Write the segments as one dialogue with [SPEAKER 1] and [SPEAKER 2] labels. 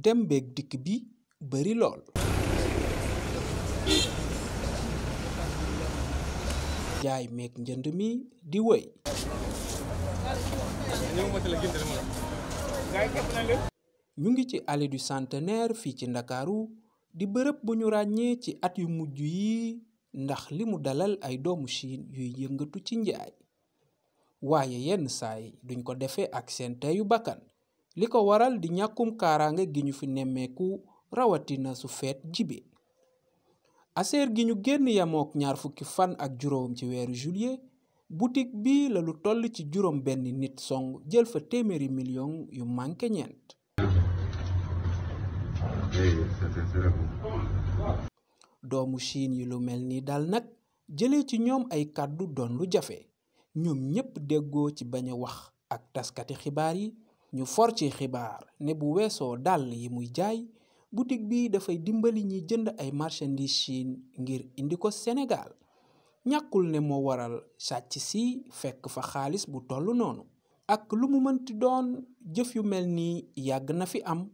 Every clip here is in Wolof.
[SPEAKER 1] dem beeg berilol. bi bari lol jaay meeg njënd mi di wëy ñu ngi ci allée du centenaire fii ci ndakaaru di bërëb bu ñu ci at yu mujj yi ndax limu dalal ay doomu Chine yuy yëngatu ci njaay waaye yenn saay duñ ko defee ak seen teyu bakkan li ko waral di ñàkkum kaaraange gi ñu fi nemmeeku rawatina su feet jibe aseer gi ñu génn yamook ñaar fukki fan ak juróom ci weeru juillet boutique bi lalu toll ci juróom benn nit song jël fa téeméeri million yu manqué ñeent ah, doomu Chine yi lu mel nii daal nag jële ci ñoom ay kàddu doon lu jafe ñoom ñépp déggoo ci bañ a wax ak taskati xibaar yi ñu for ci xibaar ne bu weesoo dàll yi muy jaay boutique bii dafay dimbali ñi jënd ay marchandise Chine ngir indi ko senegaal ñàkkul ne moo waral sàcc si fekk fa xaalis bu toll noonu ak lu mu mënti doon jëf yu mel nii yàgg na fi am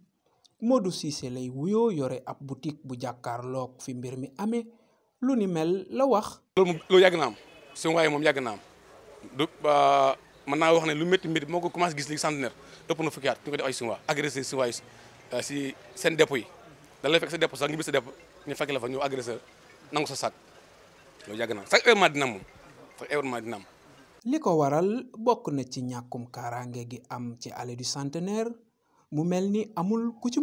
[SPEAKER 1] Modou Cissé lay wuyo yore ab boutique bu jàkkaarloog fi mbir mi amee lu ni mel la wax.
[SPEAKER 2] loolu yàgg na am suñu moom yàgg naam am mën naa wax ne lu métti métti moo ko commencé gis léegi centenaire ëpp na fukki at ñu ko def ay suñu waa agressé euh, seen dépôt da lay fekk sa dépôt sax ñu bis sa ñu fekk la fa ñu agressé nangu sa sac loolu yàgg na am chaque heure
[SPEAKER 1] li ko waral bokk na ci ñàkkum kaaraange gi am ci allée du centenaire. mu melni ni amul ku ci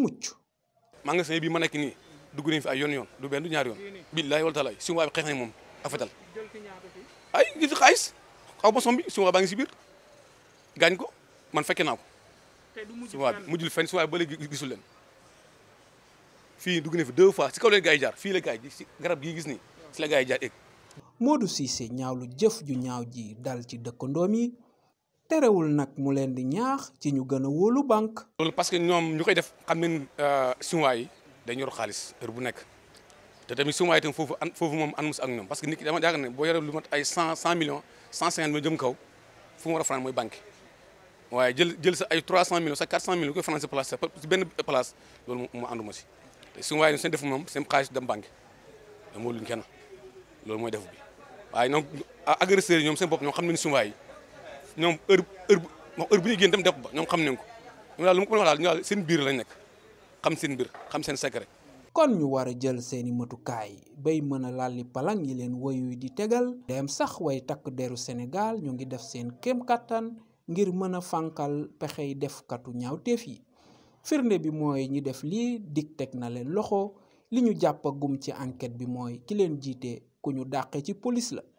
[SPEAKER 2] nga sey bi ma nek ni duggu ni fi ay yon yon du benn du ñaar yon billahi wal talay suñu waa bi xex ni mom afatal ay ngi fi xaalis xaw ba sombi suñu waa baa ngi si ko man fekke suñu bi mujjul fen suñu ba legi gisul len fi duggu ni fi deux fois si kaw len gay jaar fi la gay ji si garab gi gis ni si la gay jaar ek
[SPEAKER 1] Modou Cissé ñaawlu jëf ju ñaaw ji dal ci terewul nag mu leen di ñaax ci ñu gën a wóolu banque.
[SPEAKER 2] loolu parce que ñoom ñu koy def xam nañ chinois euh, yi dañu yor xaalis heure bu nekk te tamit chinois yi tam foofu moom an mus ak parce que nit ki dama yaakaar boo yoree lu mat ay cent cent millions cent cinquante millions jëm kaw waaye jël jël sa ay trois cent millions sa quatre cent millions koy fanaan sa place si benn place loolu mu ànduma seen def moom seen xaalis dem banque te moo luñ kenn loolu mooy def bi waaye donc agresseurs yi ñoom seen bopp ñoom xam nañ chinois yi ñoom heure heure bu heure génn dem def ba ñoom xam nañ ko ñoom daal lu ma ko mën a daal seen biir lañ nekk xam seen biir xam seen segre kon
[SPEAKER 1] ñu war a jël seeni matukaay bay mën a lalli palang yi leen woyu di tegal dem sax way takk deru Sénégal ñu ngi def seen kéem kattan ngir mën a fànkal pexey defkatu ñaawteef yi firnde bi mooy ñi def lii dig teg na leen loxo li ñu jàppagum ci enquête bi mooy ki leen jiite ku ñu dàqe ci police la